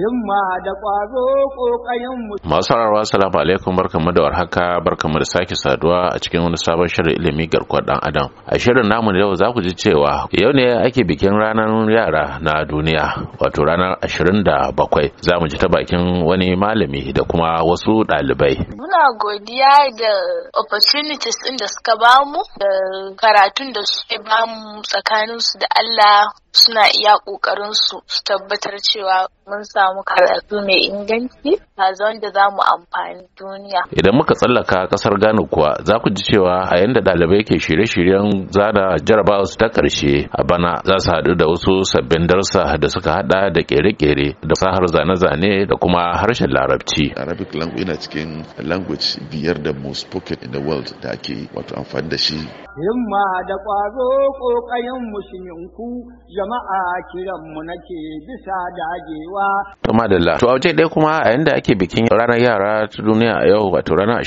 himma da ƙwazo ƙoƙayen mu. Masu rarwa salamu alaikum barkamu da warhaka sake saduwa a cikin wani sabon shirin ilimi garkuwar ɗan adam. A shirin namu yau za ku ji cewa yau ne ake bikin ranar yara na duniya wato ranar ashirin da bakwai za mu ji ta bakin wani malami da kuma wasu ɗalibai. Muna godiya da opportunities ɗin da suka bamu da karatun da suke bamu tsakaninsu da Allah suna iya ƙoƙarinsu su tabbatar cewa mun sa samu karatu mai inganci a da za mu amfani duniya. Idan muka tsallaka kasar Ghana kuwa za ku ji cewa a yanda ɗalibai ke shirye-shiryen zana jarabawa su ta ƙarshe a bana za su haɗu da wasu sabbin darsa da suka haɗa da ƙere-ƙere da sahar zane-zane da kuma harshen larabci. Arabic language yana cikin language biyar da most spoken in the world da ake wato amfani da shi. Himma da ƙwazo ƙoƙayen musulminku jama'a kiranmu nake bisa dagewa To madalla. To a waje ɗaya kuma a yanda ake bikin ranar yara ta duniya a yau wato ranar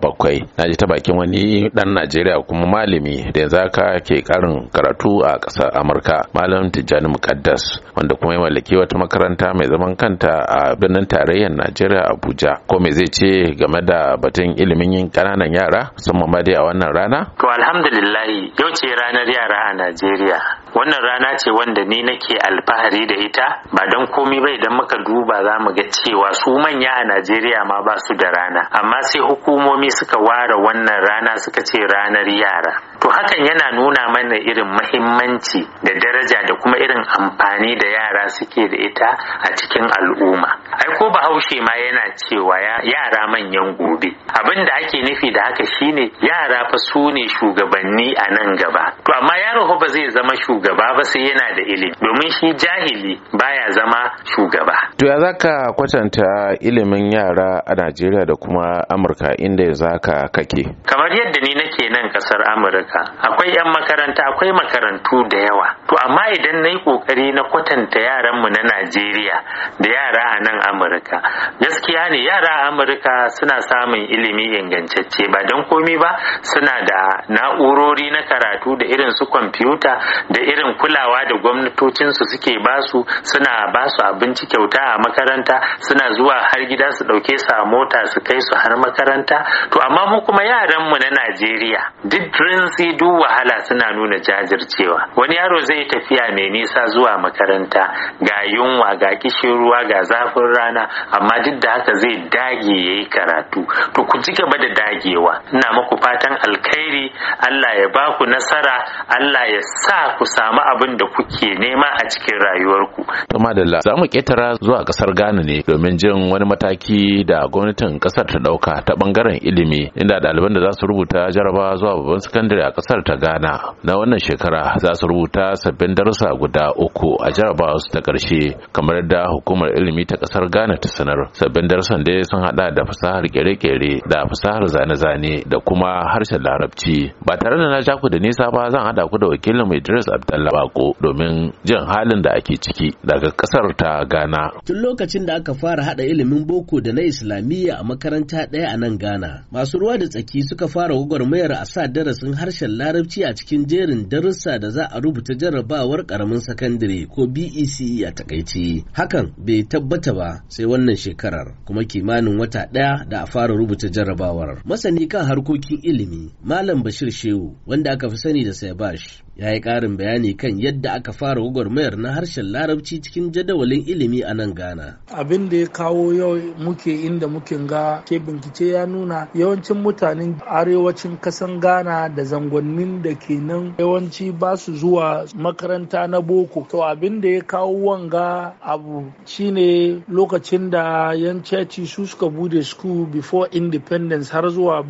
bakwai, na ji ta bakin wani dan Najeriya kuma malami da yanzu aka ke karin karatu a ƙasar Amurka malam Tijjani Mukaddas wanda kuma ya mallaki wata makaranta mai zaman kanta a birnin tarayyar Najeriya Abuja. Ko me zai ce game da batun ilimin yin ƙananan yara sun ma a wannan rana? To alhamdulillah yau ce ranar yara a Najeriya. wannan rana ce wanda ni nake alfahari da ita ba don komi bai idan muka duba za mu ga cewa su manya a Najeriya ma ba su da rana amma sai hukumomi suka ware wannan rana suka ce ranar yara to hakan yana nuna mana irin mahimmanci da daraja da kuma irin amfani da yara suke da ita a cikin al'umma ai ko bahaushe ma yana cewa yara manyan gobe abin da ake nufi da haka shine yara fa su ne shugabanni a nan gaba to amma yaro ba zai zama shugaban shugaba ba sai yana da ilimi domin shi jahili baya zama shugaba To ya zaka kwatanta ilimin yara a Najeriya da kuma Amurka inda ya zaka kake? Kamar yadda ni nake nan kasar Amurka, akwai 'yan makaranta, akwai makarantu da yawa. To amma idan na yi kokari na kwatanta yaranmu na Najeriya da yara a nan Amurka, gaskiya ne yara a Amurka suna samun ilimi ingantacce ba don komi ba suna da na'urori na karatu da irin su kwamfuta da irin kulawa da gwamnatocinsu suke basu suna basu abinci kyauta a makaranta suna zuwa har gida su ɗauke su a mota su kai su har makaranta to amma mu kuma yaran mu na Najeriya duk rinsi duk wahala suna nuna jajircewa wani yaro zai tafiya mai nisa zuwa makaranta ga yunwa ga kishin ruwa ga zafin rana amma duk da haka zai dage yayi karatu to ku ji gaba da dagewa ina muku fatan alkhairi Allah ya ba ku nasara Allah ya sa ku samu abin da kuke nema a cikin rayuwarku. Tuma da za mu ketara zuwa a kasar Ghana ne domin jin wani mataki da gwamnatin kasar ta dauka ta bangaren ilimi inda ɗaliban da za su rubuta jaraba zuwa babban sakandare a kasar ta Ghana na wannan shekara za su rubuta sabbin darussa guda uku a jaraba su ta ƙarshe kamar da hukumar ilimi ta kasar Ghana ta sanar sabbin darussan dai sun hada da fasahar kere-kere da fasahar zane-zane da kuma harshen larabci ba tare da na ja ku da nisa ba zan hada ku da wakilin mai Idris abdullahi Bako domin jin halin da ake ciki daga kasar ta Ghana Tun lokacin da aka fara haɗa ilimin boko da na Islamiyya a makaranta ɗaya a nan Ghana, masu ruwa da tsaki suka fara gwagwarmayar a sa darasin harshen Larabci a cikin jerin darussa da za a rubuta jarrabawar karamin sakandare ko BECE e a takaice. Hakan bai tabbata ba sai wannan shekarar, kuma kimanin wata ɗaya da a fara rubuta jarrabawar. Masani kan harkokin ilimi, Malam Bashir Shehu, wanda aka fi sani da Sayabash, ya yi ƙarin bayani kan yadda aka fara gwagwarmayar na harshen larabci cikin jadawalin ilimi a nan ghana abin da ya kawo yau muke inda muke ga ke bincike ya nuna yawancin mutanen arewacin kasan ghana da zangonnin da ke nan yawanci ba su zuwa makaranta na boko to abin da ya kawo wanga abu shine lokacin da yan ceci su suka bude school before independence har zuwa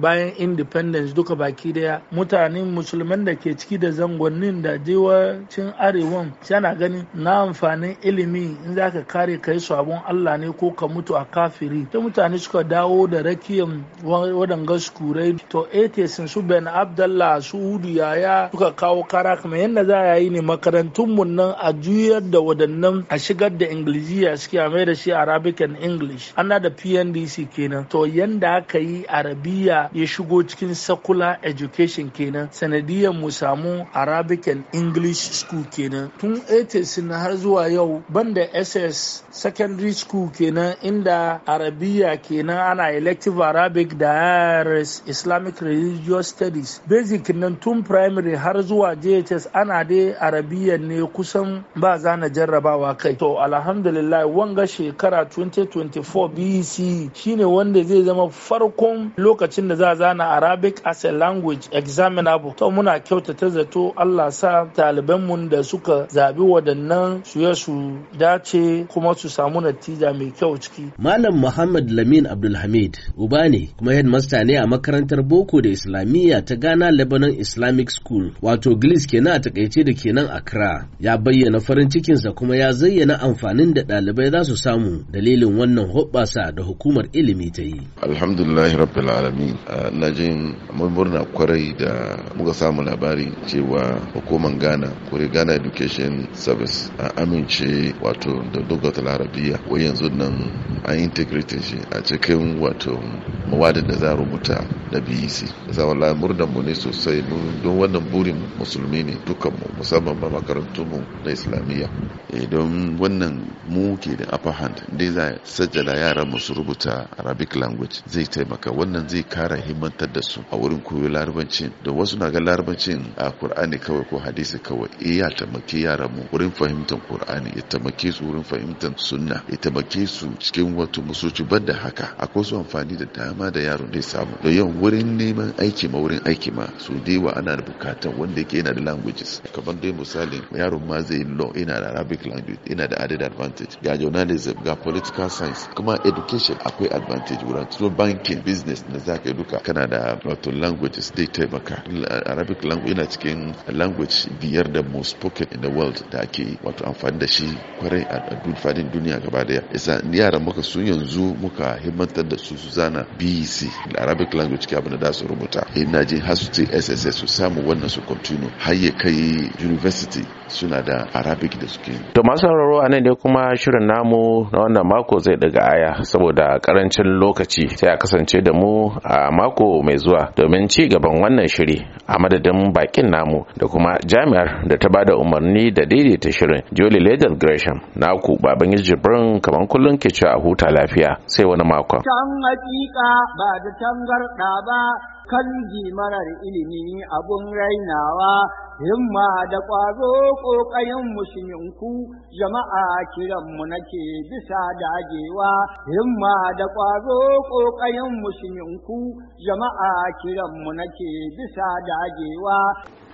bayan independence duka baki daya mutanen musulman da ke ciki da zangonnin da jewacin arewan yana ganin na amfanin ilimi in za ka kare kai sabon Allah ne ko ka mutu a kafiri ta mutane suka dawo da rakiyan wadanga skurai to sun su ben abdallah su hudu yaya suka kawo kara kamar yadda za a yi ne makarantun mu nan a juyar da wadannan a shigar da ingiliziya suke a mai da shi arabic and english ana da pndc kenan to yadda aka yi arabiya ya shigo cikin secular education kenan sanadiyar musa samu Arabic and English school kenan tun 80s na har zuwa yau banda SS secondary school kenan inda Arabiya kenan ana elective Arabic da IRS Islamic Religious Studies basic nan tun primary har zuwa JHS ana da Arabiya ne kusan ba zana jarrabawa kai to alhamdulillah wanga shekara 2024 BC e shine wanda zai zama farkon lokacin da za zana Arabic as a language examinable to muna kyauta ta zato Allah sa ɗalibanmu da suka zabi waɗannan su ya su dace kuma su samu natija mai kyau ciki. Malam Muhammad Lamin Abdulhamid uba ne kuma headmaster ne a makarantar Boko da Islamiyya ta Ghana Lebanon Islamic School wato Gilis kenan a takaice da kenan Accra ya bayyana farin cikinsa kuma ya zayyana amfanin da ɗalibai za su samu dalilin wannan hoɓɓasa da hukumar ilimi ta yi. Alhamdulillahi rabbil alamin ah, na jin mun murna kwarai da muka samu labari labari cewa hukumar ghana kuri ghana education service a amince wato da dogot larabiya wai yanzu nan an integrate shi a cikin wato mawadin da za rubuta da BEC za lai murnan mu ne sosai don wannan burin musulmi ne dukan mu musamman ba makarantun mu na islamiyya eh, don wannan mu ke da upper hand dai za sajjala yaran mu su rubuta Arabic language zai taimaka wannan zai kara himmantar da su a wurin koyo larabancin da wasu na ga larabancin a kur'ani kawai ko hadisi kawai eh ya taimaki yaran mu wurin fahimtar Kur'ani ya taimake su wurin fahimtar sunna ya taimake su cikin wato musulci da haka akwai su amfani da dama ma da yaro dai samu da yau wurin neman aiki ma wurin aiki ma su wa ana da bukatan wanda yake yana da languages kamar dai misali yaro ma zai law ina da arabic language ina da added advantage ga journalism ga political science kuma education akwai advantage wurin so banking business na zaka duka kana da wato languages dai taimaka arabic language yana cikin language biyar da most spoken in the world da ake wato amfani da shi kwarai a fadin duniya gaba daya isa yaran muka su yanzu muka himmantar da su su zana biyu da arabic language ke abin da su rubuta eh, ina jin har su ce sss su samu wannan su continue har ya kai university suna da arabic da suke to masu sauraro a nan dai kuma shirin namu na wannan mako zai daga aya saboda karancin lokaci sai a kasance da mu a mako mai zuwa domin ci gaban wannan shiri a madadin bakin namu da kuma jami'ar da ta bada umarni da daidaita shirin Joli ledal gresham naku baban jibrin kamar kullun ke ci a huta lafiya sai wani makon can ba da tangarɗa ba kan marar ilimi abun rainawa himma da ƙwazo ƙoƙarin musulminku jama'a kiranmu nake bisa dagewa himma da ƙwazo ƙoƙarin musulminku jama'a kiranmu nake bisa dagewa